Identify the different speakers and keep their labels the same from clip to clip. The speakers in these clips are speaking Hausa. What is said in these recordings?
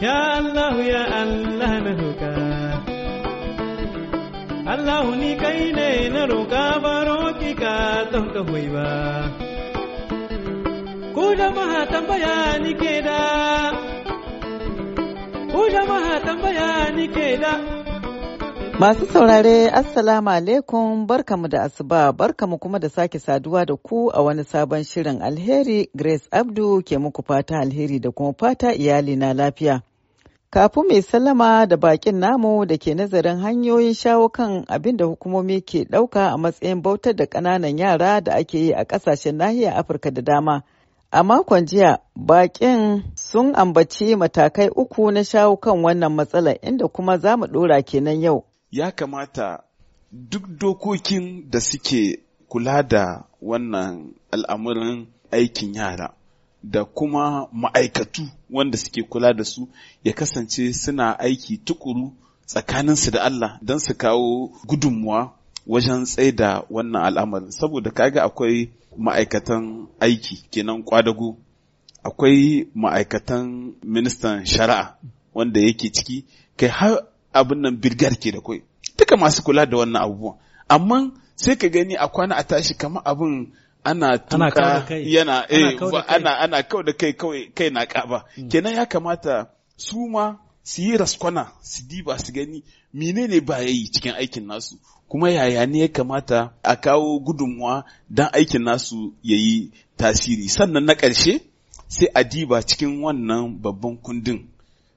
Speaker 1: Ya Allah ya Allah na roƙa Allah ni kai ne na roƙa baro ki ka don ka ba Ku jama'a tambaya ni ke da
Speaker 2: Ku jama'a tambaya ni ke da
Speaker 1: Masu saurare Assalamu alaikum barkamu da asuba barkamu kuma da sake saduwa da ku a wani sabon shirin alheri Grace Abdu ke muku fata alheri da kuma fata iyali na lafiya. Kafin mai sallama da bakin namu da ke nazarin hanyoyin shawo kan abin da hukumomi ke ɗauka a matsayin bautar da ƙananan yara da ake yi a ƙasashen nahiyar Afirka da dama. A makon jiya, bakin sun ambaci matakai uku na shawo kan wannan matsala inda kuma za mu ɗora kenan yau.
Speaker 2: Ya kamata duk dokokin da suke kula da wannan al'amuran aikin yara da kuma ma'aikatu wanda suke kula da su ya kasance suna aiki tukuru tsakaninsu da Allah don su kawo gudunmuwa wajen tsaida wannan al'amarin saboda kaga akwai ma'aikatan aiki kenan kwadago akwai ma'aikatan ministan shari'a wanda yake ciki kai har abin nan birgar ke da kai duka masu kula da wannan abubuwan amma sai ka gani a kwana a tashi kamar abin ana tuka yana ana eh, ana kawai da kai kawai kai na kaba mm. kenan ya kamata su ma su yi raskwana su diba su gani menene ba ya yi cikin aikin nasu kuma yaya ne ya kamata a kawo gudunmuwa don aikin nasu ya yi tasiri sannan na ƙarshe sai a diba cikin wannan babban kundin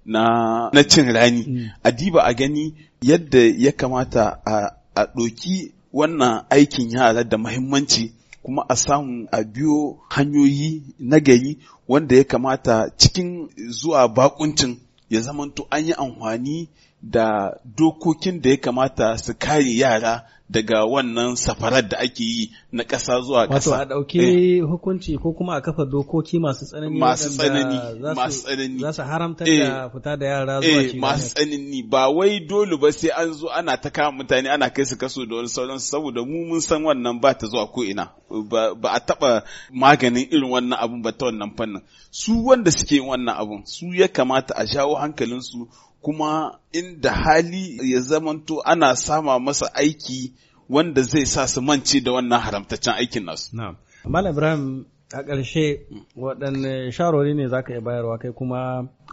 Speaker 2: na, na cin rani mm. a diba a gani yadda ya kamata a, ɗoki wannan aikin yara da muhimmanci. kuma a samu a biyo hanyoyi na gari wanda ya kamata cikin zuwa bakuncin ya zamanto an yi amfani da dokokin da ya kamata su kare yara daga wannan safarar da ake yi na ƙasa zuwa ƙasa. Wato a eh. ɗauki
Speaker 3: hukunci ko kuma a kafa dokoki masu tsanani. Masu tsanani, masu
Speaker 2: tsanani. Za su haramta da eh. fita
Speaker 3: da yara zuwa cikin. Eh, masu
Speaker 2: tsanani ba wai dole ba sai an zo ana ta kama mutane ana kai su kaso da wani sauran saboda mu mun san wannan ba ta zuwa ko ina. Ba a taɓa maganin irin wannan abun ba ta wannan fannin. Su wanda suke yin wannan abun su ya kamata a shawo hankalinsu kuma inda hali ya zamanto ana sama masa aiki wanda zai sa su mance da wannan haramtaccen aikin nasu.
Speaker 3: Mal Ibrahim a ƙarshe waɗanne sharori ne za ka iya bayarwa kai kuma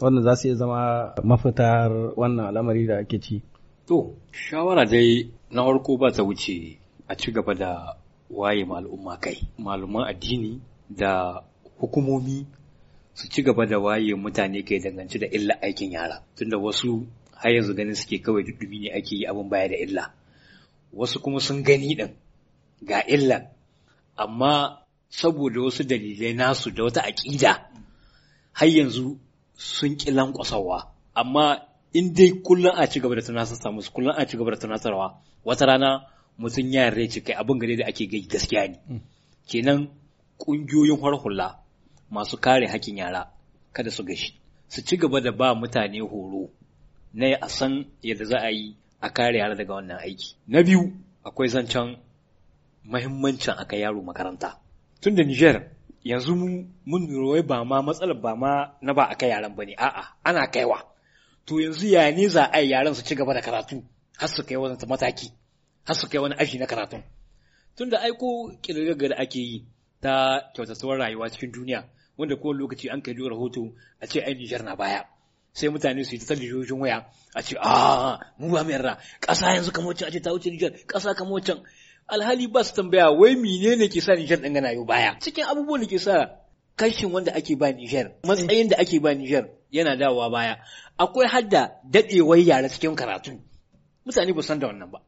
Speaker 3: wannan za su iya zama mafitar wannan al'amari da ake ci. To, shawara dai na farko ba ta wuce a ci gaba da waye malumma kai, malaman addini da hukumomi su ci gaba da waye mutane ke dangance da illa aikin yara tunda wasu har yanzu ganin suke kawai dudumi ne ake yi abin baya da illa wasu kuma sun gani din ga illa amma saboda wasu dalilai nasu da wata aƙida har yanzu sun ƙi lankwasawa amma in dai kullum a ci gaba da tunasarsa musu kullum a ci gaba da tunasarwa wata rana mutum ya rai ci kai abin gare da ake gaji gaskiya ne mm. kenan ƙungiyoyin harhula masu kare hakkin yara kada su gashi su ci gaba da ba mutane horo na a san yadda za a yi a kare yara daga wannan aiki na biyu akwai zancen mahimmancin aka yaro makaranta tun da Niger yanzu mun wai ba ma matsalar ba ma na ba a kai yaran bane a'a ana kaiwa to yanzu ya ne za a yi yaran su ci gaba da karatu har su kai wani mataki har su kai wani aji na karatu tun da aiko kirgaga da ake yi ta kyautatuwar rayuwa cikin duniya wanda kowane lokaci an kai rahoto a ce ai Nijar na baya sai mutane su yi ta jojin waya a ce a ah, mu ba mu yarda ƙasa yanzu kamar wacce a ce ta wuce Nijar ƙasa kamar wacce alhali ba su tambaya wai menene ke sa Nijar ɗan gana yau baya cikin abubuwan da ke sa kashin wanda ake ba Nijar matsayin da ake ba Nijar yana dawowa baya akwai hadda dadewar yara cikin karatu mutane ba san da wannan ba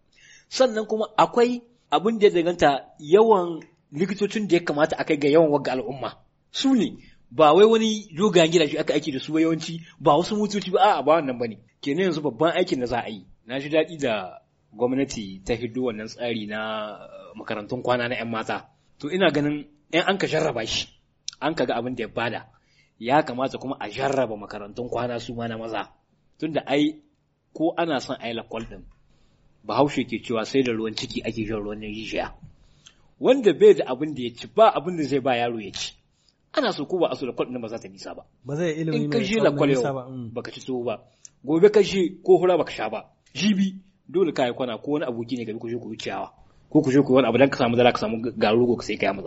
Speaker 3: sannan kuma akwai abin da ya danganta yawan likitocin da ya kamata a kai ga yawan wagga al'umma su ne ba wai wani dogayen gidaje aka aiki da su ba yawanci ba wasu mutuci ba a ba wannan bane kenan yanzu babban aikin da za a yi na ji daɗi da gwamnati ta hiddo wannan tsari na eh, makarantun kwana na 'yan mata to ina ganin 'yan an ka jarraba shi an ka ga abin da ya bada ya kamata kuma a jarraba makarantun kwana su ma na maza tunda ai ko ana son yi lakwal din bahaushe ke cewa sai da ruwan ciki ake shan ruwan jijiya wanda bai da abin da ya ci ba abin da zai ba yaro ya ci ana so ko ba a so da kwal ba za ta nisa ba ba zai ilimi mai nisa ba in ka mm. ci so ba gobe ka shi ko hura baka sha ba jibi dole ka yi kwana ko wani aboki ne gabi ku je ku wucewa. ko ku ku wani abu dan ka samu zara ka samu ko ka sai ka yi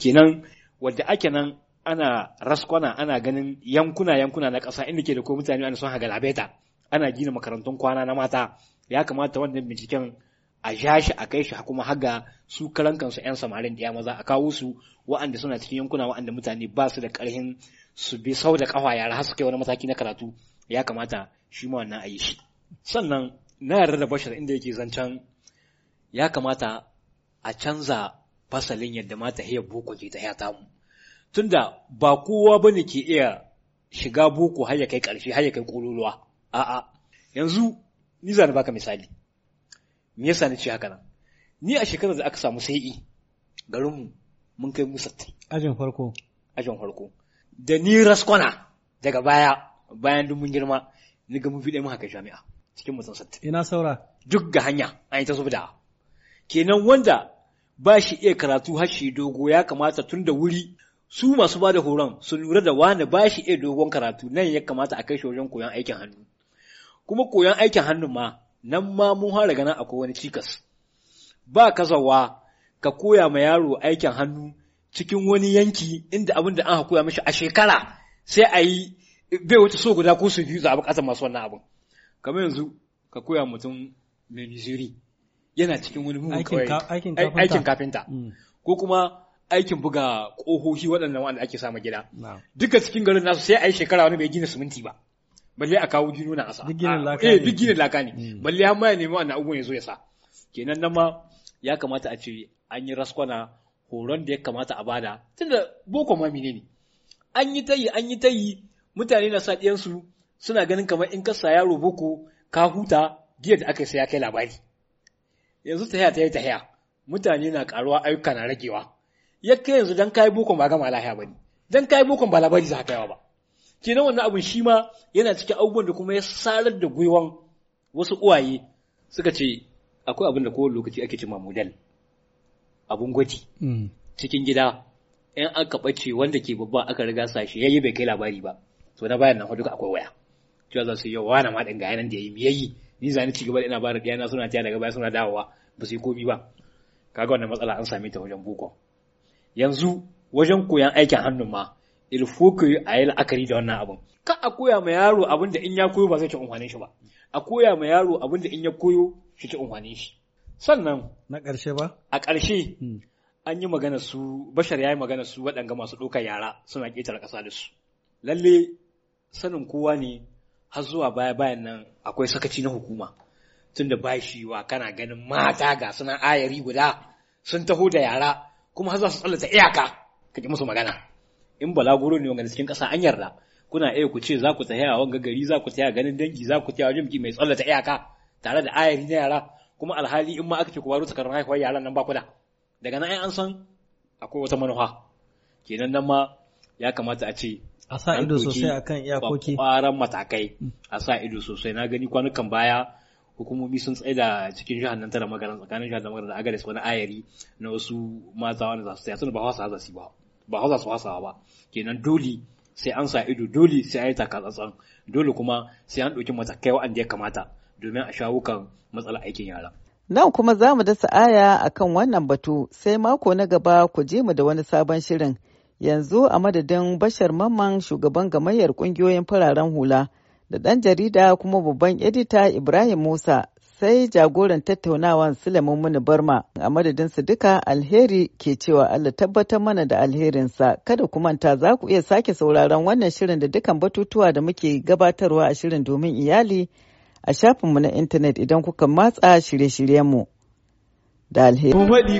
Speaker 3: kenan wadda ake nan ana raskwana ana ganin yankuna yankuna na ƙasa inda ke da ko mutane ana son haga labeta ana gina makarantun kwana na mata ya kamata wannan binciken a ja shi a kai shi kuma haga su karan kansu 'yan samarin da ya maza a kawo su wa'anda suna cikin yankuna wa'anda mutane ba su da ƙarhin su bi sau da ƙafa yara har su kai wani mataki na karatu ya kamata shi ma wannan a yi shi sannan na yarda da bashar inda yake zancen ya kamata a canza fasalin yadda mata hiyar boko ke ta yata mu tunda ba kowa bane ke iya shiga boko har ya kai ƙarshe har ya kai ƙololuwa a'a yanzu ni zan baka misali me yasa ni ce haka nan ni a shekarar da aka samu sai'i garinmu mun kai mu sattai ajin farko ajin farko da ni raskwana daga baya bayan duk mun girma ni ga mun fi mu haka jami'a cikin mutum sattai ina saura duk ga hanya an yi ta zubda kenan wanda ba shi iya karatu har shi dogo ya kamata tun da wuri su masu bada horon su lura da wani ba shi iya dogon karatu nan ya kamata a kai shi wajen koyon aikin hannu kuma koyon aikin hannu ma nan ma mun fara ganin akwai wani cikas ba kasawa ka koya ma yaro aikin hannu cikin wani yanki inda abin da an koya mishi a shekara sai a yi bai wuce so guda ko su biyu za a bukatar masu wannan abin kamar yanzu ka koya mutum mai menisiri yana cikin wani mugun kawai aikin kafinta mm. ko kuma aikin buga ƙohohi waɗannan wanda ake sama gida duka cikin garin nasu sai a yi shekara wani bai gina siminti ba balle a kawo na asa ah, eh laka ne duk ginin laka ne hmm. balle har ma ya nemi wannan abun ya zo ya sa kenan nan ma ya kamata a ce an yi raskwana horon da ya kamata a bada tunda boko ma menene an yi tayi an yi tayi mutane na sa su suna ganin kamar in ka sa yaro boko ka huta giya da aka sai ya kai labari yanzu ta haya ta yi ta haya mutane na karuwa ayyuka na ragewa yakka yanzu dan kai boko ba gama lahiya bane dan kai boko ba labari za ka yawa ba kenan wannan abin shi ma yana cikin abubuwan da kuma ya sarar da gwiwan wasu uwaye suka ce akwai abin da kowane lokaci ake cima model abun gwaji hmm. cikin gida yan aka ɓace wanda ke babba aka riga sashi yayi bai kai labari ba to na bayan nan duka akwai waya cewa za su yi yawa na maɗin ga yanan da yayi yayi ni zani ci gaba da ina bada ɗiyana suna tiya daga baya suna dawowa ba su yi komi ba kaga wannan matsala an same ta wajen bukon yanzu wajen koyan aikin hannun ma ilfoko a yi la'akari da wannan abin ka a koya ma yaro abin da in ya koyo ba zai ci unhwanin shi ba a koya ma yaro abin da in ya koyo shi ci unhwanin shi sannan na ƙarshe ba a ƙarshe hmm. an yi magana su bashar ya yi magana su waɗanga masu ɗaukar yara suna ƙetare ƙasa da su lalle sanin kowa ne har zuwa baya bayan nan akwai sakaci na hukuma tun da bashi wa kana ganin mata ga suna ayari guda sun taho da yara kuma har za su tsallata iyaka ka musu magana in balaguro ne wanga cikin ƙasa an yarda kuna iya ku ce za ku tsaya a wanga gari za ku tsaya ganin dangi za ku tsaya wajen biki mai tsallata iyaka tare da ayari na yara kuma alhali in ma aka ce ku baro tsakarin haihuwar yaran nan ba ku da daga nan ai an san akwai wata manufa kenan nan ma ya kamata a ce a sa ido sosai akan iyakoki kwaran matakai a sa ido sosai na gani kwanukan baya hukumomi sun tsaye da cikin jihar nan tara magana tsakanin jihar da magana da agares wani ayari na wasu mata wanda za su tsaya sun ba wasu za su yi ba ba hausa su hasawa ba kenan dole sai an sa ido dole sai an yi takatsatsan dole kuma sai an ɗauki matakai waɗanda ya kamata domin a shawo kan matsalar aikin yara.
Speaker 1: Nan kuma za mu dasa aya a kan wannan batu sai mako na gaba ku je mu da wani sabon shirin. Yanzu a madadin Bashar Mamman shugaban gamayyar kungiyoyin fararen hula da ɗan jarida kuma babban edita Ibrahim Musa sai jagoran tattaunawan Sulaiman Muni Barma a madadinsa duka alheri ke cewa Allah tabbatar mana da alherinsa kada ku manta za ku iya sake sauraron wannan shirin da dukan batutuwa da muke gabatarwa a shirin domin iyali a shafinmu na intanet idan kuka matsa shirye-shiryenmu da alheri.